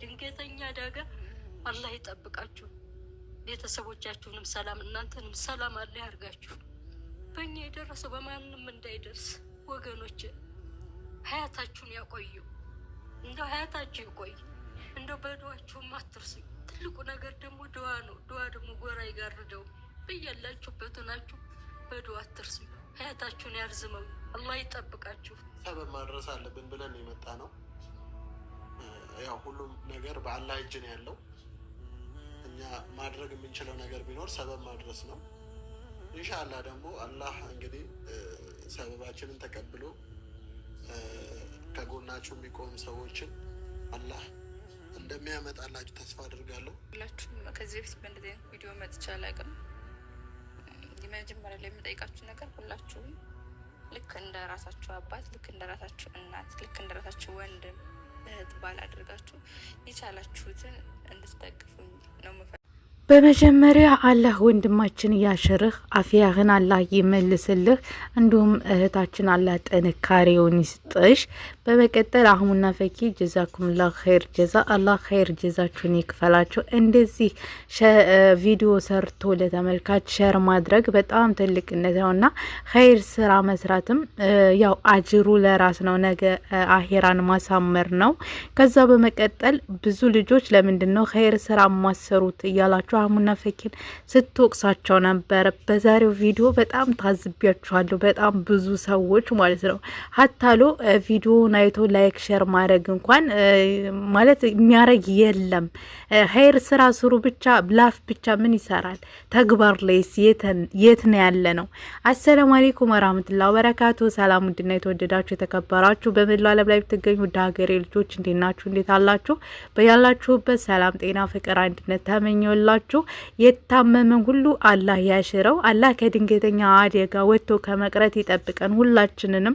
ድንገተኛ አደጋ አላህ ይጠብቃችሁ። ቤተሰቦቻችሁንም ሰላም እናንተንም ሰላም አለ ያርጋችሁ። በእኛ የደረሰው በማንም እንዳይደርስ ወገኖች፣ ሀያታችሁን ያቆዩ። እንደው ሀያታችሁ ይቆይ። እንደው በድዋችሁም አትርሱ። ትልቁ ነገር ደግሞ ድዋ ነው። ድዋ ደግሞ ጎራ ይጋርደው። ብያላችሁበት ናችሁ በድዋ አትርሱ። ሀያታችሁን ያርዝመው። አላህ ይጠብቃችሁ። ሰበብ ማድረስ አለብን ብለን የመጣ ነው ያው ሁሉም ነገር በአላህ እጅ ነው ያለው። እኛ ማድረግ የምንችለው ነገር ቢኖር ሰበብ ማድረስ ነው። እንሻላ ደግሞ አላህ እንግዲህ ሰበባችንን ተቀብሎ ከጎናችሁ የሚቆም ሰዎችን አላህ እንደሚያመጣላችሁ ተስፋ አድርጋለሁ። ሁላችሁም ከዚህ በፊት በእንደዚህ አይነት ቪዲዮ መጥቼ አላውቅም። የመጀመሪያ ላይ የምጠይቃችሁ ነገር ሁላችሁም ልክ እንደ ራሳችሁ አባት፣ ልክ እንደ ራሳችሁ እናት፣ ልክ እንደ ራሳችሁ ወንድም እህት ባል አድርጋችሁ የቻላችሁትን እንድትደግፉኝ ነው በመጀመሪያ አላህ ወንድማችን ያሽርህ፣ አፍያህን አላህ ይመልስልህ፣ እንዲሁም እህታችን አላህ ጥንካሬውን ይስጥሽ። በመቀጠል አህሙና ፈኪ ጀዛኩምላህ ኸይር ጀዛ፣ አላህ ኸይር ጀዛችሁን ይክፈላቸው። እንደዚህ ቪዲዮ ሰርቶ ለተመልካች ሸር ማድረግ በጣም ትልቅነት ነው እና ኸይር ስራ መስራትም ያው አጅሩ ለራስ ነው፣ ነገ አሄራን ማሳመር ነው። ከዛ በመቀጠል ብዙ ልጆች ለምንድን ነው ኸይር ስራ ማሰሩት እያላችሁ ሀሙና ፈኪን ስትወቅሳቸው ነበር። በዛሬው ቪዲዮ በጣም ታዝቢያችኋለሁ። በጣም ብዙ ሰዎች ማለት ነው ሀታሎ ቪዲዮውን አይቶ ላይክ ሸር ማድረግ እንኳን ማለት የሚያደርግ የለም። ሀይር ስራ ስሩ ብቻ ብላፍ ብቻ ምን ይሰራል? ተግባር ላይስ የት ነው ያለ ነው? አሰላሙ አሌይኩም ወራህመቱላ ወበረካቱ። ሰላም ውድና የተወደዳችሁ የተከበራችሁ በመላው ዓለም ላይ ብትገኙ ውድ ሀገሬ ልጆች እንዴት ናችሁ? እንዴት አላችሁ? በያላችሁበት ሰላም፣ ጤና፣ ፍቅር፣ አንድነት ተመኘውላችሁ። ያላችሁ የታመመን ሁሉ አላህ ያሽረው። አላህ ከድንገተኛ አደጋ ወጥቶ ከመቅረት ይጠብቀን ሁላችንንም።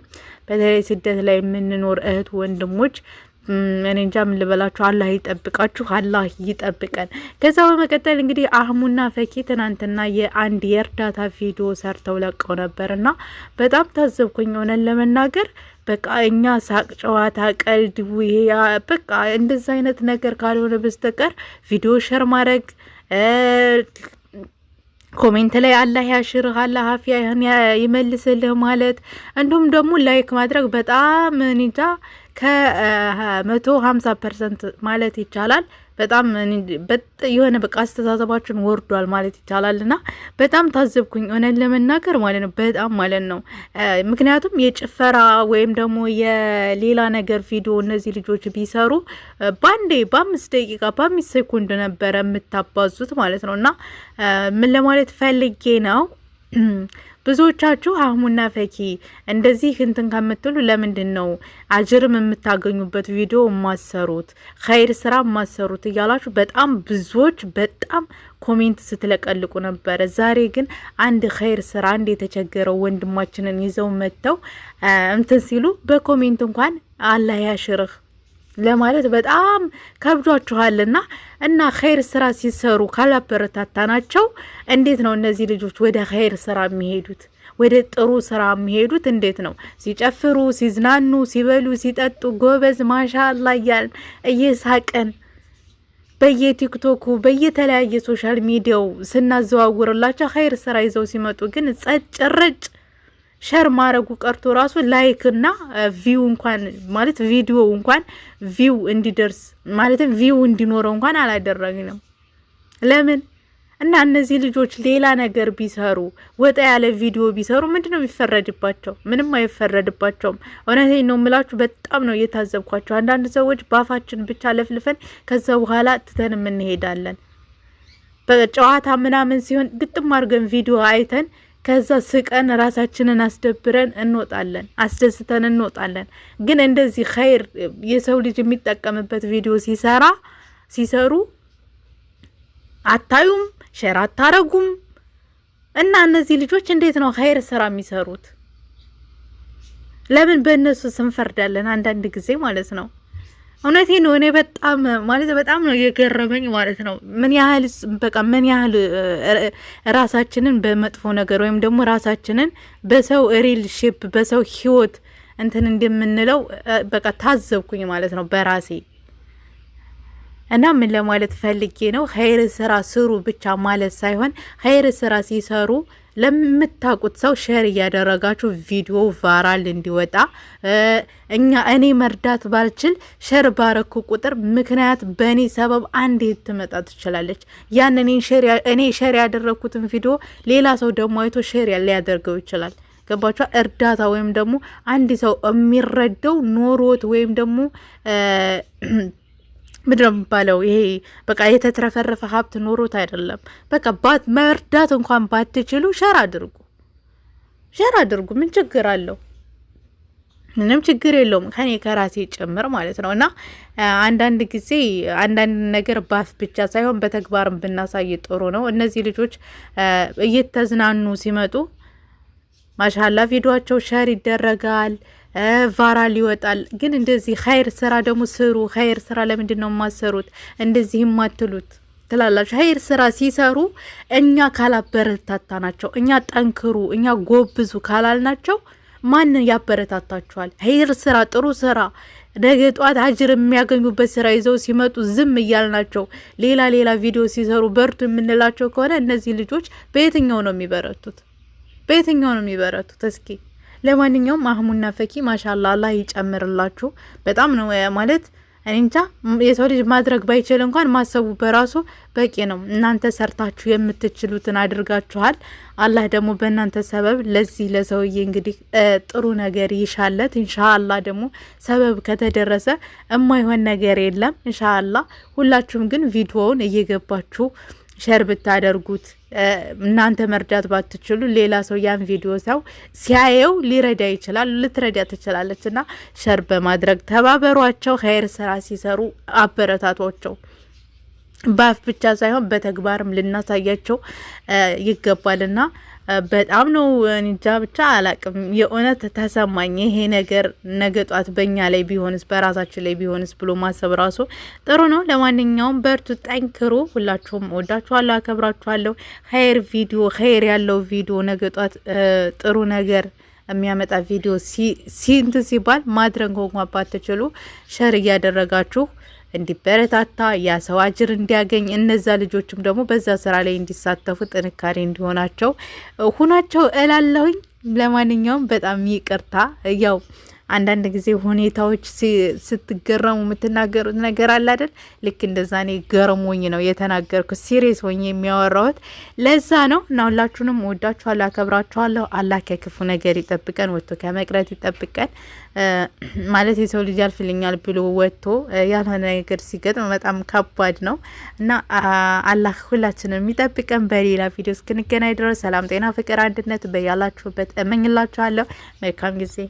በተለይ ስደት ላይ የምንኖር እህት ወንድሞች እኔ እንጃ ምን ልበላችሁ። አላህ ይጠብቃችሁ፣ አላህ ይጠብቀን። ከዛ በመቀጠል እንግዲህ አህሙና ፈኪ ትናንትና የአንድ የእርዳታ ቪዲዮ ሰርተው ለቀው ነበርና በጣም ታዘብኩኝ የሆነን ለመናገር በቃ እኛ ሳቅ፣ ጨዋታ፣ ቀልድ ውያ በቃ እንደዚ አይነት ነገር ካልሆነ በስተቀር ቪዲዮ ሸር ማድረግ ኮሜንት ላይ አላህ ያሽርህ አላህ አፍያ ይመልስልህ ማለት እንዲሁም ደግሞ ላይክ ማድረግ በጣም ኒጃ ከመቶ ሀምሳ ፐርሰንት ማለት ይቻላል በጣም የሆነ በቃ አስተሳሰባችን ወርዷል ማለት ይቻላል። እና በጣም ታዘብኩኝ እውነት ለመናገር ማለት ነው በጣም ማለት ነው። ምክንያቱም የጭፈራ ወይም ደግሞ የሌላ ነገር ቪዲዮ እነዚህ ልጆች ቢሰሩ በአንዴ በአምስት ደቂቃ በአምስት ሴኮንድ ነበረ የምታባዙት ማለት ነው። እና ምን ለማለት ፈልጌ ነው ብዙዎቻችሁ አህሙና ፈኪ እንደዚህ እንትን ከምትሉ ለምንድን ነው አጅርም የምታገኙበት ቪዲዮ ማሰሩት ኸይር ስራ ማሰሩት እያላችሁ በጣም ብዙዎች በጣም ኮሜንት ስትለቀልቁ ነበረ። ዛሬ ግን አንድ ኸይር ስራ አንድ የተቸገረው ወንድማችንን ይዘው መጥተው እንትን ሲሉ በኮሜንት እንኳን አላህ ያሽርህ ለማለት በጣም ከብዷችኋልና እና ኸይር ስራ ሲሰሩ ካላበረታታናቸው እንዴት ነው እነዚህ ልጆች ወደ ኸይር ስራ የሚሄዱት? ወደ ጥሩ ስራ የሚሄዱት እንዴት ነው? ሲጨፍሩ፣ ሲዝናኑ፣ ሲበሉ፣ ሲጠጡ ጎበዝ ማሻላ እያልን እየሳቀን በየቲክቶኩ በየተለያየ ሶሻል ሚዲያው ስናዘዋውርላቸው ኸይር ስራ ይዘው ሲመጡ ግን ጸጭ ረጭ ሸር ማድረጉ ቀርቶ ራሱ ላይክ እና ቪው እንኳን ማለት ቪዲዮ እንኳን ቪው እንዲደርስ ማለትም ቪው እንዲኖረው እንኳን አላደረግንም። ለምን እና እነዚህ ልጆች ሌላ ነገር ቢሰሩ ወጣ ያለ ቪዲዮ ቢሰሩ ምንድን ነው የሚፈረድባቸው? ምንም አይፈረድባቸውም። እውነቴን ነው የምላችሁ፣ በጣም ነው እየታዘብኳቸው። አንዳንድ ሰዎች ባፋችን ብቻ ለፍልፈን ከዛ በኋላ ትተን እንሄዳለን። በጨዋታ ምናምን ሲሆን ግጥም አድርገን ቪዲዮ አይተን ከዛ ስቀን ራሳችንን አስደብረን እንወጣለን፣ አስደስተን እንወጣለን። ግን እንደዚህ ኸይር የሰው ልጅ የሚጠቀምበት ቪዲዮ ሲሰራ ሲሰሩ አታዩም፣ ሼር አታረጉም። እና እነዚህ ልጆች እንዴት ነው ኸይር ስራ የሚሰሩት? ለምን በእነሱ ስንፈርዳለን? አንዳንድ ጊዜ ማለት ነው። እውነቴ ነው። እኔ በጣም ማለት በጣም ነው የገረመኝ ማለት ነው። ምን ያህል በቃ ምን ያህል ራሳችንን በመጥፎ ነገር ወይም ደግሞ ራሳችንን በሰው ሪልሽፕ በሰው ህይወት እንትን እንደምንለው በቃ ታዘብኩኝ ማለት ነው በራሴ እና ምን ለማለት ፈልጌ ነው፣ ኸይር ስራ ስሩ ብቻ ማለት ሳይሆን ኸይር ስራ ሲሰሩ ለምታውቁት ሰው ሼር እያደረጋችሁ ቪዲዮ ቫራል እንዲወጣ እኛ እኔ መርዳት ባልችል ሼር ባረኩ ቁጥር ምክንያት በእኔ ሰበብ አንድ እህት ትመጣ ትችላለች። ያን እኔ ሼር ያደረግኩትን ቪዲዮ ሌላ ሰው ደግሞ አይቶ ሼር ሊያደርገው ይችላል። ገባችኋ? እርዳታ ወይም ደግሞ አንድ ሰው የሚረደው ኖሮት ወይም ደግሞ ምንድነው የሚባለው? ይሄ በቃ የተትረፈረፈ ሀብት ኖሮት አይደለም። በቃ ባት መርዳት እንኳን ባትችሉ ሸር አድርጉ፣ ሸር አድርጉ። ምን ችግር አለው? ምንም ችግር የለውም። ከኔ ከራሴ ጭምር ማለት ነው። እና አንዳንድ ጊዜ አንዳንድ ነገር ባፍ ብቻ ሳይሆን በተግባርም ብናሳይ ጥሩ ነው። እነዚህ ልጆች እየተዝናኑ ሲመጡ ማሻላ ቪዲዮቸው ሸር ይደረጋል። ቫራ ይወጣል። ግን እንደዚህ ኸይር ስራ ደግሞ ስሩ። ኸይር ስራ ለምንድን ነው የማሰሩት እንደዚህ የማትሉት ትላላችሁ። ኸይር ስራ ሲሰሩ እኛ ካላበረታታ ናቸው እኛ ጠንክሩ፣ እኛ ጎብዙ ካላልናቸው ማን ያበረታታችኋል? ኸይር ስራ፣ ጥሩ ስራ ነገ ጠዋት አጅር የሚያገኙበት ስራ ይዘው ሲመጡ ዝም እያልናቸው ሌላ ሌላ ቪዲዮ ሲሰሩ በርቱ የምንላቸው ከሆነ እነዚህ ልጆች በየትኛው ነው የሚበረቱት? በየትኛው ነው የሚበረቱት? እስኪ ለማንኛውም አህሙና ፈኪ ማሻላ አላህ ይጨምርላችሁ። በጣም ነው ማለት እኔ እንጃ የሰው ልጅ ማድረግ ባይችል እንኳን ማሰቡ በራሱ በቂ ነው። እናንተ ሰርታችሁ የምትችሉትን አድርጋችኋል። አላህ ደግሞ በእናንተ ሰበብ ለዚህ ለሰውዬ እንግዲህ ጥሩ ነገር ይሻለት። እንሻአላ ደግሞ ሰበብ ከተደረሰ የማይሆን ነገር የለም። እንሻአላ ሁላችሁም ግን ቪዲዮውን እየገባችሁ ሸር ብታደርጉት እናንተ መርዳት ባትችሉ ሌላ ሰው ያን ቪዲዮ ሰው ሲያየው ሊረዳ ይችላል፣ ልትረዳ ትችላለች። እና ሸር በማድረግ ተባበሯቸው። ኸይር ስራ ሲሰሩ አበረታቷቸው። በአፍ ብቻ ሳይሆን በተግባርም ልናሳያቸው ይገባልና በጣም ነው እንጃ ብቻ አላቅም። የእውነት ተሰማኝ ይሄ ነገር ነገ ጧት በእኛ ላይ ቢሆንስ በራሳችን ላይ ቢሆንስ ብሎ ማሰብ ራሱ ጥሩ ነው። ለማንኛውም በርቱ፣ ጠንክሩ። ሁላችሁም ወዳችኋለሁ፣ አከብራችኋለሁ። ኸይር ቪዲዮ ኸይር ያለው ቪዲዮ ነገ ጧት ጥሩ ነገር የሚያመጣ ቪዲዮ ሲንት ሲባል ማድረግ እንኳ ባትችሉ ሸር እያደረጋችሁ እንዲበረታታ ያ ሰው አጅር እንዲያገኝ እነዛ ልጆችም ደግሞ በዛ ስራ ላይ እንዲሳተፉ ጥንካሬ እንዲሆናቸው ሁናቸው እላለሁኝ። ለማንኛውም በጣም ይቅርታ ያው አንዳንድ ጊዜ ሁኔታዎች ስትገረሙ የምትናገሩት ነገር አለ አይደል? ልክ እንደዛ እኔ ገርሞኝ ነው የተናገርኩት። ሲሪየስ ሆኜ የሚያወራሁት ለዛ ነው። እና ሁላችሁንም ወዳችኋለሁ፣ አከብራችኋለሁ። አላህ ከክፉ ነገር ይጠብቀን፣ ወጥቶ ከመቅረት ይጠብቀን። ማለት የሰው ልጅ ያልፍልኛል ብሎ ወጥቶ ያልሆነ ነገር ሲገጥም በጣም ከባድ ነው እና አላህ ሁላችንም የሚጠብቀን። በሌላ ቪዲዮ እስክንገናኝ ድረስ ሰላም፣ ጤና፣ ፍቅር፣ አንድነት በያላችሁበት እመኝላችኋለሁ። መልካም ጊዜ